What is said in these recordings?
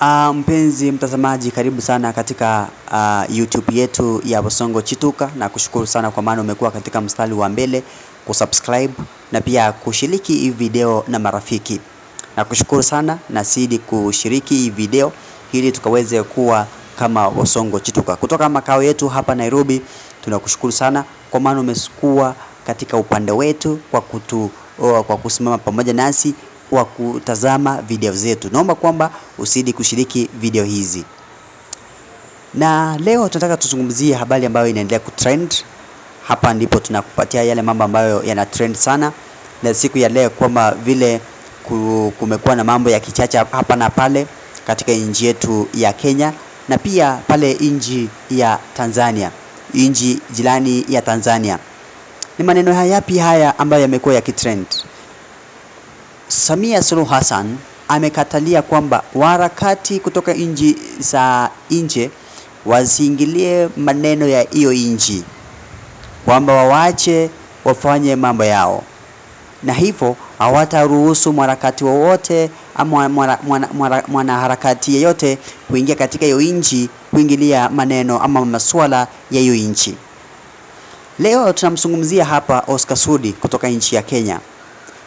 Uh, mpenzi mtazamaji, karibu sana katika uh, YouTube yetu ya Bosongo Chituka, na kushukuru sana kwa maana umekuwa katika mstari wa mbele kusubscribe na pia kushiriki hii video na marafiki. Na kushukuru sana na sidi kushiriki hii video ili tukaweze kuwa kama Bosongo Chituka kutoka makao yetu hapa Nairobi. Tunakushukuru sana kwa maana umekuwa katika upande wetu kwa kutu, kwa kusimama pamoja nasi wa kutazama video zetu. Naomba kwamba usidi kushiriki video hizi, na leo tunataka tuzungumzie habari ambayo inaendelea kutrend. Hapa ndipo tunakupatia yale mambo ambayo yana trend sana, na siku ya leo kwamba vile kumekuwa na mambo ya kichacha hapa na pale katika nchi yetu ya Kenya na pia pale nchi ya Tanzania, nchi jirani ya Tanzania. Ni maneno yapi haya ambayo yamekuwa yakitrend? Samia Suluhu Hassan amekatalia kwamba waharakati kutoka nchi za nje wasiingilie maneno ya hiyo nchi, kwamba wawache wafanye mambo yao, na hivyo hawataruhusu mharakati wowote ama mwanaharakati yeyote kuingia katika hiyo nchi kuingilia maneno ama masuala ya hiyo nchi. Leo tunamzungumzia hapa Oscar Sudi kutoka nchi ya Kenya.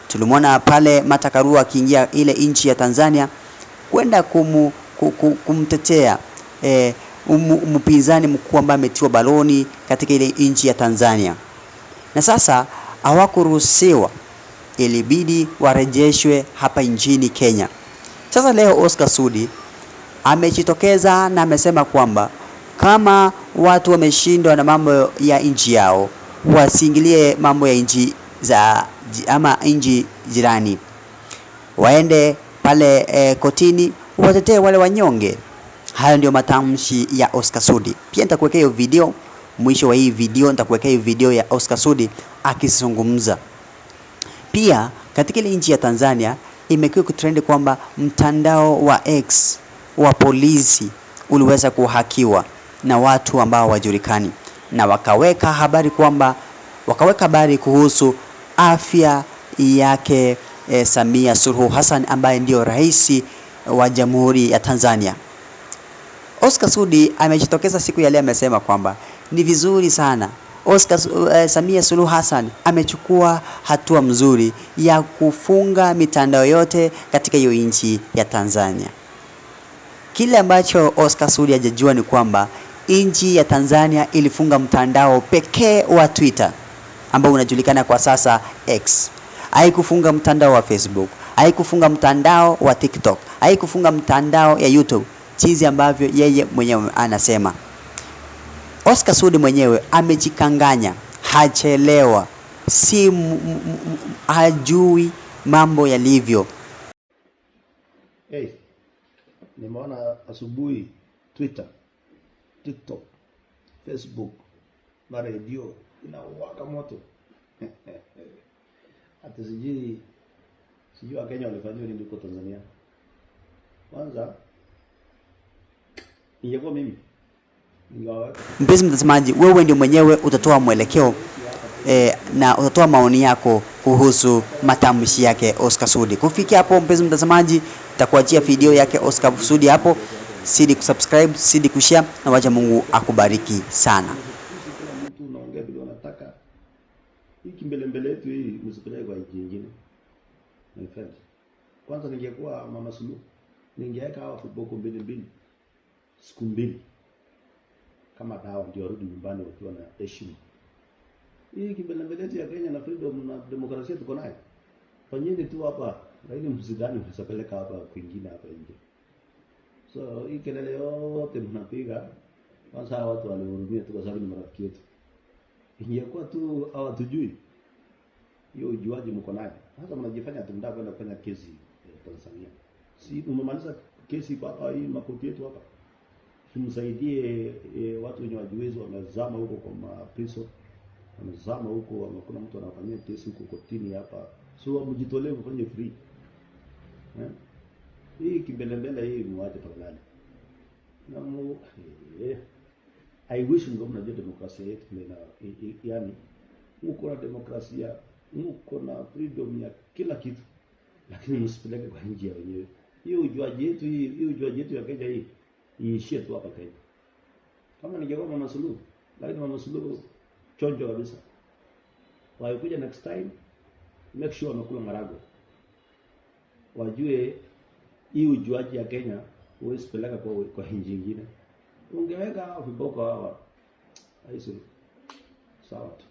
Tulimwona pale mata Karua akiingia ile nchi ya Tanzania kwenda kumu, kum, kumtetea e, mpinzani mkuu ambaye ametiwa baloni katika ile nchi ya Tanzania, na sasa hawakuruhusiwa, ilibidi warejeshwe hapa nchini Kenya. Sasa leo Oscar Sudi amejitokeza na amesema kwamba kama watu wameshindwa na mambo ya nchi yao, wasiingilie mambo ya nchi za ama nchi jirani, waende pale e, kotini watetee wale wanyonge. Hayo ndio matamshi ya Oscar Sudi. Pia nitakuwekea hiyo video, mwisho wa hii video nitakuwekea hiyo video ya Oscar Sudi akizungumza. Pia katika ile nchi ya Tanzania imekuwa kutrend kwamba mtandao wa X wa polisi uliweza kuhakiwa na watu ambao wajulikani na wakaweka habari kwamba wakaweka habari kuhusu afya yake e, Samia Suluhu Hassan ambaye ndio rais eh, wa Jamhuri ya Tanzania. Oscar Sudi amejitokeza siku ya leo, amesema kwamba ni vizuri sana Oscar, uh, Samia Suluhu Hassan amechukua hatua mzuri ya kufunga mitandao yote katika hiyo nchi ya Tanzania. Kile ambacho Oscar Sudi hajajua ni kwamba nchi ya Tanzania ilifunga mtandao pekee wa Twitter ambao unajulikana kwa sasa X. Haikufunga mtandao wa Facebook, haikufunga mtandao wa TikTok, haikufunga mtandao ya YouTube, chizi ambavyo yeye mwenyewe anasema. Oscar Sudi mwenyewe amejikanganya, hachelewa, si hajui mambo yalivyo. Hey, nimeona asubuhi Twitter, TikTok, Facebook, maredio inawaka moto hata sijui sijui Wakenya walifanyia nini huko Tanzania. Kwanza ingekuwa mimi mpenzi mtazamaji, wewe ndio mwenyewe utatoa mwelekeo e, na utatoa maoni yako kuhusu matamshi yake Oscar Sudi. Kufikia hapo, mpenzi mtazamaji, takuachia video yake Oscar Sudi hapo. Sidi kusubscribe, sidi kushare, na waja Mungu akubariki sana. hii kimbele mbele yetu hii msipeleke kwa nchi nyingine. My friend. Kwanza ningekuwa Mama Sulu, ningeweka hawa viboko mbili mbili siku mbili kama dawa, ndio warudi nyumbani wakiwa na heshima. Hii kimbele mbele yetu ya Kenya na freedom na demokrasia tuko nayo, fanyeni tu hapa, lakini msidhani mtapeleka hapa kwingine hapa nje. So hii kelele yote mnapiga kwanza, hawa watu walihurumia tu kwa sababu ni marafiki yetu ingekuwa tu hawatujui, hiyo ujuaji mko nayo. Sasa mnajifanya tumtaka kwenda kufanya kesi eh, Tanzania, si umemaliza kesi kwa hapa, hii makoti yetu hapa tumsaidie e, watu wenye wajiwezi wamezama huko kwa mapiso wamezama huko, kuna mtu anafanyia kesi huko kotini hapa, so mjitolee mfanye free eh? Hii kimbelembele hii muache pagani na mu eh, haiwishi ngoma. Unajua demokrasia yetu vile na yaani, na demokrasia, mko na freedom ya kila kitu, lakini msipeleke kwa nje ya wenyewe. Hiyo ujuaji yetu hii, hiyo ujuaji yetu ya Kenya hii iishie tu hapa Kenya. Kama jambo Mama Suluhu, lakini Mama Suluhu chonjo kabisa. Waikuja next time make sure wamekula marago, wajue hii ujuaji ya Kenya huwezi peleka kwa, kwa nchi nyingine ungeweka viboko hawa, sawa tu.